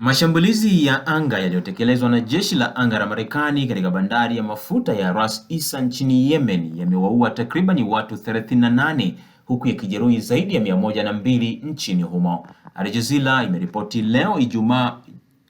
Mashambulizi ya anga yaliyotekelezwa na jeshi la anga la Marekani katika bandari ya mafuta ya Ras Isa nchini Yemen yamewaua takriban watu 38 huku yakijeruhi zaidi ya 102 nchini humo. Al Jazeera imeripoti leo Ijumaa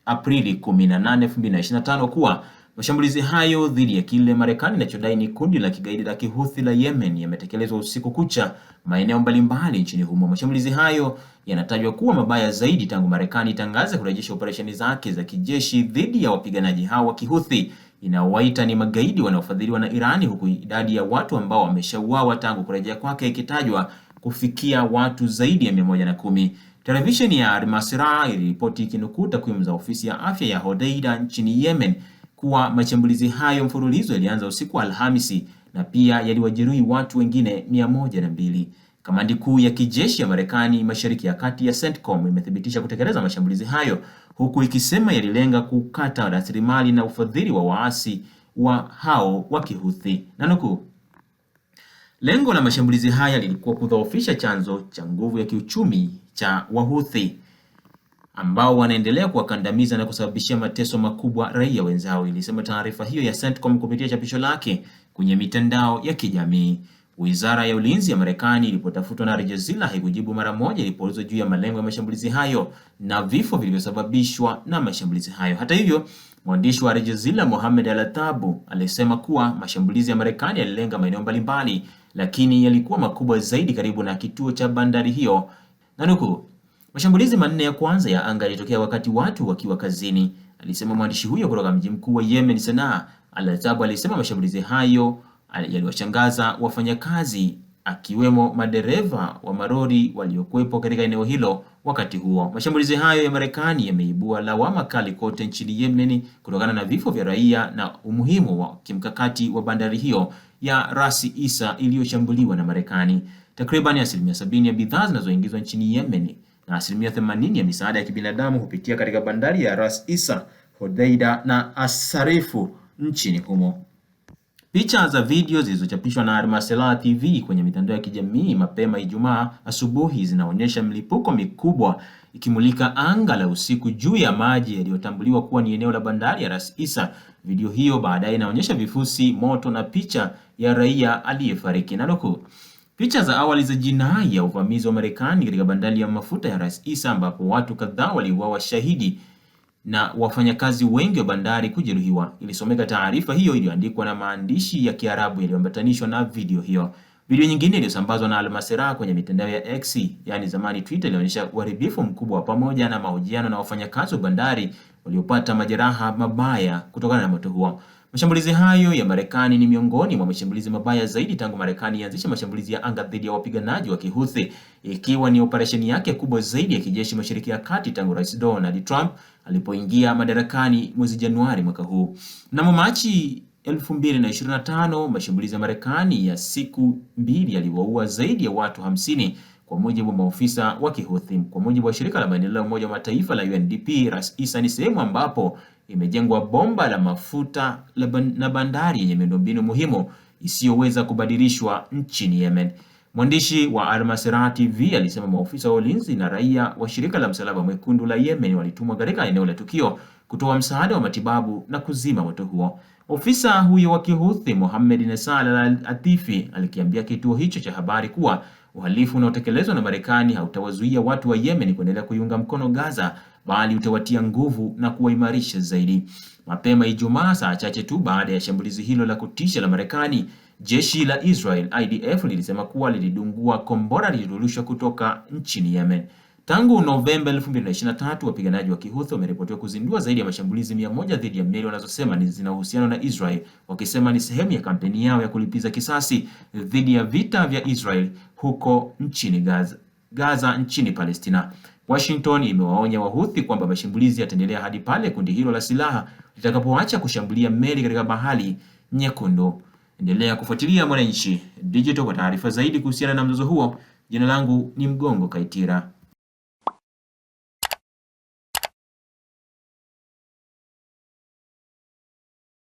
Aprili 18, 2025 kuwa Mashambulizi hayo dhidi ya kile Marekani inachodai ni kundi la kigaidi la Kihuthi la Yemen yametekelezwa usiku kucha maeneo mbalimbali nchini humo. Mashambulizi hayo yanatajwa kuwa mabaya zaidi tangu Marekani itangaze kurejesha operesheni zake za kijeshi dhidi ya wapiganaji hao wa Kihuthi inaowaita ni magaidi wanaofadhiliwa na Irani, huku idadi ya watu ambao wameshauawa tangu kurejea kwake ikitajwa kufikia watu zaidi ya mia na kumi. Televisheni ya Al Masirah iliripoti ikinukuu takwimu za ofisi ya afya ya Hodeida nchini Yemen kuwa mashambulizi hayo mfululizo yalianza usiku wa Alhamisi na pia yaliwajeruhi watu wengine mia na mbili. Kamandi kuu ya kijeshi ya Marekani Mashariki ya Kati ya CENTCOM imethibitisha kutekeleza mashambulizi hayo huku ikisema yalilenga kukata rasilimali na ufadhili wa waasi wa hao wa Kihuthi. Nanuku, lengo la mashambulizi haya lilikuwa kudhoofisha chanzo cha nguvu ya kiuchumi cha Wahuthi ambao wanaendelea kuwakandamiza na kusababishia mateso makubwa raia wenzao, ilisema taarifa hiyo ya CENTCOM kupitia chapisho lake kwenye mitandao ya kijamii. Wizara ya Ulinzi ya Marekani ilipotafutwa na Al Jazeera haikujibu mara moja ilipoulizwa juu ya malengo ya mashambulizi hayo na vifo vilivyosababishwa na mashambulizi hayo. Hata hivyo, mwandishi wa Al Jazeera Mohamed Al-Athabu alisema kuwa mashambulizi ya Marekani yalilenga maeneo mbalimbali, lakini yalikuwa makubwa zaidi karibu na kituo cha bandari hiyo, na Mashambulizi manne ya kwanza ya anga yalitokea wakati watu wakiwa kazini, alisema mwandishi huyo kutoka mji mkuu wa Yemen, Sanaa. Al-Attabu alisema mashambulizi hayo yaliwashangaza wafanyakazi akiwemo madereva wa malori waliokuwepo katika eneo hilo wakati huo. Mashambulizi hayo ya Marekani yameibua lawama kali kote nchini Yemen kutokana na vifo vya raia na umuhimu wa kimkakati wa bandari hiyo ya Ras Isa iliyoshambuliwa na Marekani. Takriban asilimia sabini ya bidhaa zinazoingizwa nchini Yemen na asilimia 80 ya misaada ya kibinadamu hupitia katika bandari ya Ras Isa, Hodeida na Asarifu nchini humo. Picha za video zilizochapishwa na Almasira TV kwenye mitandao ya kijamii mapema Ijumaa asubuhi zinaonyesha mlipuko mikubwa ikimulika anga la usiku juu ya maji yaliyotambuliwa kuwa ni eneo la bandari ya Ras Isa. Video hiyo baadaye inaonyesha vifusi, moto na picha ya raia aliyefariki. Nanukuu, Picha za awali za jinai ya uvamizi wa Marekani katika bandari ya mafuta ya Ras Isa ambapo watu kadhaa waliuawa shahidi na wafanyakazi wengi wa bandari kujeruhiwa, ilisomeka taarifa hiyo iliyoandikwa na maandishi ya Kiarabu yaliyoambatanishwa na video hiyo. Video nyingine iliyosambazwa na Almasera kwenye mitandao ya X, yani zamani Twitter, ilionyesha uharibifu mkubwa pamoja na mahojiano na wafanyakazi wa bandari waliopata majeraha mabaya kutokana na moto huo. Mashambulizi hayo ya Marekani ni miongoni mwa mashambulizi mabaya zaidi tangu Marekani ianzishe mashambulizi ya anga dhidi ya wapiganaji wa kihuthi ikiwa ni operesheni yake kubwa zaidi ya kijeshi Mashariki ya Kati tangu Rais Donald Trump alipoingia madarakani mwezi Januari mwaka huu. Mnamo Machi 2025, mashambulizi ya Marekani ya siku mbili yaliwaua zaidi ya watu hamsini kwa mujibu wa maofisa wa Kihuthi. Kwa mujibu wa shirika la maendeleo ya Umoja wa Mataifa la UNDP, Ras Isa ni sehemu ambapo imejengwa bomba la mafuta na bandari yenye miundombinu muhimu isiyoweza kubadilishwa nchini Yemen. Mwandishi wa Almasira TV alisema maofisa wa ulinzi na raia wa shirika la Msalaba Mwekundu la Yemen walitumwa katika eneo la tukio kutoa msaada wa matibabu na kuzima moto huo. Ofisa huyo wa Kihuthi Mohamed Nassal Al-Atifi alikiambia kituo hicho cha habari kuwa uhalifu unaotekelezwa na Marekani hautawazuia watu wa Yemen kuendelea kuiunga mkono Gaza bali utawatia nguvu na kuwaimarisha zaidi. Mapema Ijumaa, saa chache tu baada ya shambulizi hilo la kutisha la Marekani, jeshi la Israel IDF lilisema kuwa lilidungua kombora lililorushwa kutoka nchini Yemen. Tangu Novemba 2023 wapiganaji wa Kihouthi wameripotiwa kuzindua zaidi ya mashambulizi mia moja dhidi ya meli wanazosema ni zina uhusiano na Israel, wakisema ni sehemu ya kampeni yao ya kulipiza kisasi dhidi ya vita vya Israel huko nchini Gaza, Gaza nchini Palestina. Washington imewaonya Wahuthi kwamba mashambulizi yataendelea hadi pale kundi hilo la silaha litakapoacha kushambulia meli katika Bahari Nyekundu. Endelea kufuatilia Mwananchi Digital kwa taarifa zaidi kuhusiana na mzozo huo. Jina langu ni Mgongo Kaitira.